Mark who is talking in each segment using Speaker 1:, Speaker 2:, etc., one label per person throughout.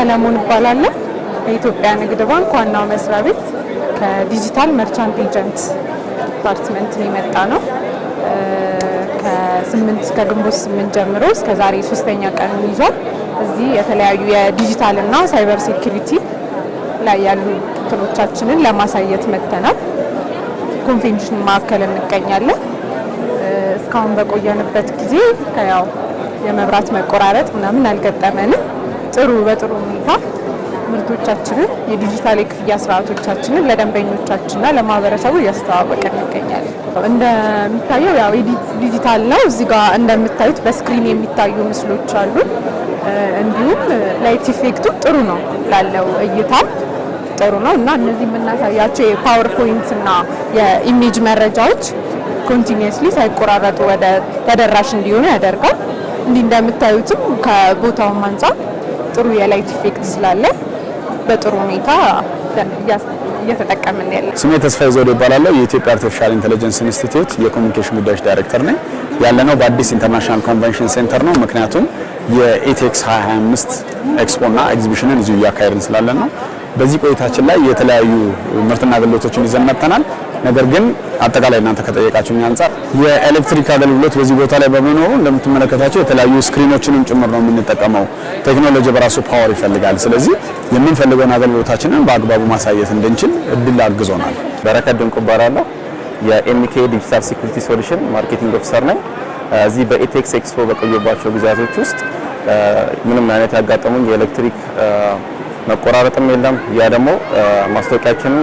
Speaker 1: ሰለሞን እባላለሁ። በኢትዮጵያ ንግድ ባንክ ዋናው መስሪያ ቤት ከዲጂታል መርቻንት ኤጀንት ዲፓርትመንት የመጣ ነው። ከስምንት ከግንቦት ስምንት ጀምሮ እስከ ዛሬ ሶስተኛ ቀን ይዟል። እዚህ የተለያዩ የዲጂታል እና ሳይበር ሴኩሪቲ ላይ ያሉ ክሎቻችንን ለማሳየት መጥተናል። ኮንቬንሽን ማዕከል እንገኛለን። እስካሁን በቆየንበት ጊዜ ያው የመብራት መቆራረጥ ምናምን አልገጠመንም። ጥሩ በጥሩ ሁኔታ ምርቶቻችንን የዲጂታል የክፍያ ስርዓቶቻችንን ለደንበኞቻችንና ለማህበረሰቡ እያስተዋወቀን ይገኛል። እንደሚታየው ያው ዲጂታል ነው። እዚህ ጋር እንደምታዩት በስክሪን የሚታዩ ምስሎች አሉ። እንዲሁም ላይት ኢፌክቱ ጥሩ ነው ላለው እይታ ጥሩ ነው እና እነዚህ የምናሳያቸው የፓወር ፖይንት እና የኢሜጅ መረጃዎች ኮንቲኒየስሊ ሳይቆራረጡ ወደ ተደራሽ እንዲሆኑ ያደርጋል። እንዲህ እንደምታዩትም ከቦታውም አንጻር ጥሩ የላይት ኢፌክት ስላለ በጥሩ ሁኔታ እየተጠቀምን ያለ።
Speaker 2: ስሜ ተስፋዬ ዘውዴ ይባላለሁ። የኢትዮጵያ አርቲፊሻል ኢንቴሊጀንስ ኢንስቲትዩት የኮሚኒኬሽን ጉዳዮች ዳይሬክተር ነኝ። ያለነው በአዲስ ኢንተርናሽናል ኮንቨንሽን ሴንተር ነው። ምክንያቱም የኢቴክስ 2025 እና ኤግዚቢሽንን እዚሁ እያካሄድን ስላለን ነው። በዚህ ቆይታችን ላይ የተለያዩ ምርትና አገልግሎቶችን ይዘን መጥተናል። ነገር ግን አጠቃላይ እናንተ ከጠየቃችሁ አንጻር የኤሌክትሪክ አገልግሎት በዚህ ቦታ ላይ በመኖሩ እንደምትመለከታቸው የተለያዩ ስክሪኖችንም ጭምር ነው የምንጠቀመው። ቴክኖሎጂ በራሱ ፓወር ይፈልጋል። ስለዚህ የምንፈልገውን አገልግሎታችንን በአግባቡ ማሳየት እንድንችል እድል አግዞናል።
Speaker 3: በረከት ድንቁ እባላለሁ። የኤምኬ ዲጂታል ሴኩሪቲ ሶሉሽን ማርኬቲንግ ኦፊሰር ነኝ። እዚህ በኢቴክስ ኤክስፖ በቆየባቸው ጊዜያቶች ውስጥ ምንም አይነት ያጋጠሙኝ የኤሌክትሪክ መቆራረጥም የለም። ያ ደግሞ ማስታወቂያችንን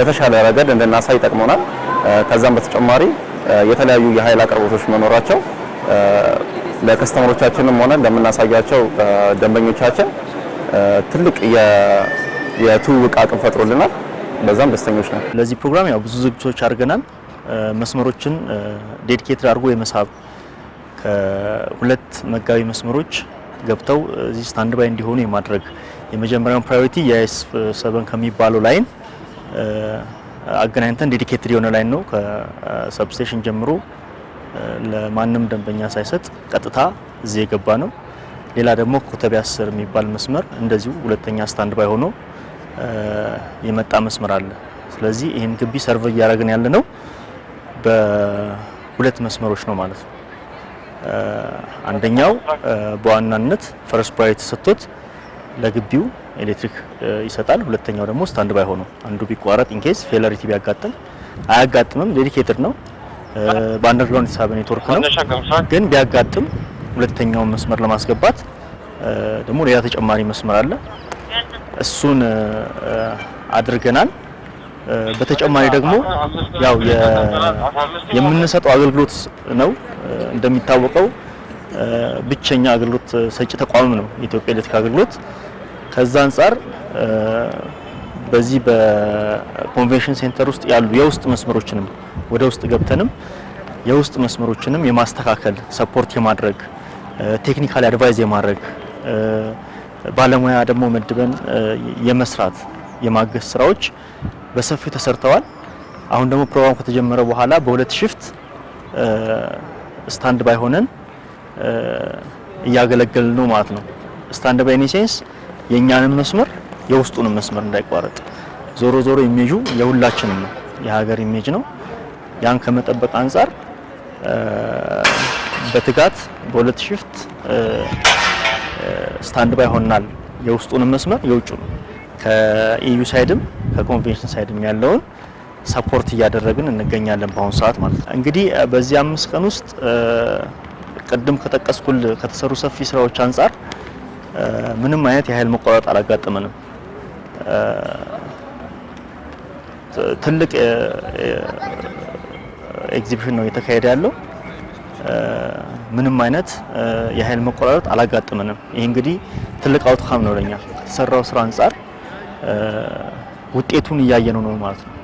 Speaker 3: በተሻለ ረገድ እንድናሳይ ይጠቅመናል። ከዛም በተጨማሪ የተለያዩ የኃይል አቅርቦቶች መኖራቸው ለከስተመሮቻችንም ሆነ ለምናሳያቸው ደንበኞቻችን ትልቅ የትውውቅ አቅም ፈጥሮልናል። በዛም ደስተኞች ነን።
Speaker 4: ለዚህ ፕሮግራም ያው ብዙ ዝግጅቶች አድርገናል። መስመሮችን ዴዲኬትድ አድርጎ የመሳብ ከሁለት መጋቢ መስመሮች ገብተው እዚህ ስታንድ ባይ እንዲሆኑ የማድረግ የመጀመሪያውን ፕራዮሪቲ የኤስ ሰቨን ከሚባለው ላይን አገናኝተን ዴዲኬትድ የሆነ ላይን ነው ከሰብስቴሽን ጀምሮ ለማንም ደንበኛ ሳይሰጥ ቀጥታ እዚህ የገባ ነው። ሌላ ደግሞ ኮተቤ አስር የሚባል መስመር እንደዚሁ ሁለተኛ ስታንድ ባይ ሆኖ የመጣ መስመር አለ። ስለዚህ ይህን ግቢ ሰርቭ እያደረግን ያለ ነው በሁለት መስመሮች ነው ማለት ነው። አንደኛው በዋናነት ፈረስ ፕራዮሪቲ ተሰጥቶት ለግቢው ኤሌክትሪክ ይሰጣል። ሁለተኛው ደግሞ ስታንድ ባይ ሆኖ አንዱ ቢቋረጥ ኢንኬስ ፌለሪቲ ቢያጋጥም አያጋጥምም። ዴዲኬትድ ነው። በአንደርግራውንድ የተሳበ ኔትወርክ ነው። ግን ቢያጋጥም ሁለተኛውን መስመር ለማስገባት ደግሞ ሌላ ተጨማሪ መስመር አለ። እሱን አድርገናል። በተጨማሪ ደግሞ ያው የምንሰጠው አገልግሎት ነው። እንደሚታወቀው ብቸኛ አገልግሎት ሰጪ ተቋም ነው የኢትዮጵያ ኤሌክትሪክ አገልግሎት። ከዛ አንጻር በዚህ በኮንቬንሽን ሴንተር ውስጥ ያሉ የውስጥ መስመሮችንም ወደ ውስጥ ገብተንም የውስጥ መስመሮችንም የማስተካከል ሰፖርት የማድረግ ቴክኒካል አድቫይዝ የማድረግ ባለሙያ ደግሞ መድበን የመስራት የማገዝ ስራዎች በሰፊው ተሰርተዋል። አሁን ደግሞ ፕሮግራም ከተጀመረ በኋላ በሁለት ሽፍት ስታንድ ባይ ሆነን እያገለገልን ነው ማለት ነው። ስታንድ ባይ ኢን የእኛንም መስመር የውስጡንም መስመር እንዳይቋረጥ። ዞሮ ዞሮ ኢሜጁ የሁላችንም ነው፣ የሀገር ኢሜጅ ነው። ያን ከመጠበቅ አንጻር በትጋት በሁለት ሽፍት ስታንድ ባይ ሆናል። የውስጡንም መስመር የውጭውን ከኢዩ ሳይድም ከኮንቬንሽን ሳይድም ያለውን ሰፖርት እያደረግን እንገኛለን በአሁኑ ሰዓት ማለት ነው።
Speaker 5: እንግዲህ በዚህ አምስት ቀን ውስጥ ቅድም ከጠቀስኩል ከተሰሩ ሰፊ ስራዎች አንጻር ምንም አይነት የኃይል መቋረጥ አላጋጠመንም። ትልቅ ኤግዚቢሽን ነው እየተካሄደ ያለው። ምንም አይነት የኃይል መቆራረጥ አላጋጠመንም። ይህ እንግዲህ ትልቅ አውትካም ነው ለኛ ከተሰራው ስራ አንጻር ውጤቱን እያየነው ነው ማለት ነው።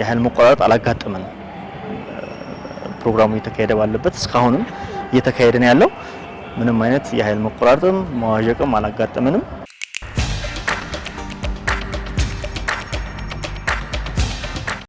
Speaker 5: የኃይል መቆራረጥ አላጋጠመንም። ፕሮግራሙ እየተካሄደ ባለበት እስካሁንም እየተካሄደ ነው ያለው። ምንም አይነት የኃይል መቆራረጥም መዋዠቅም አላጋጠመንም።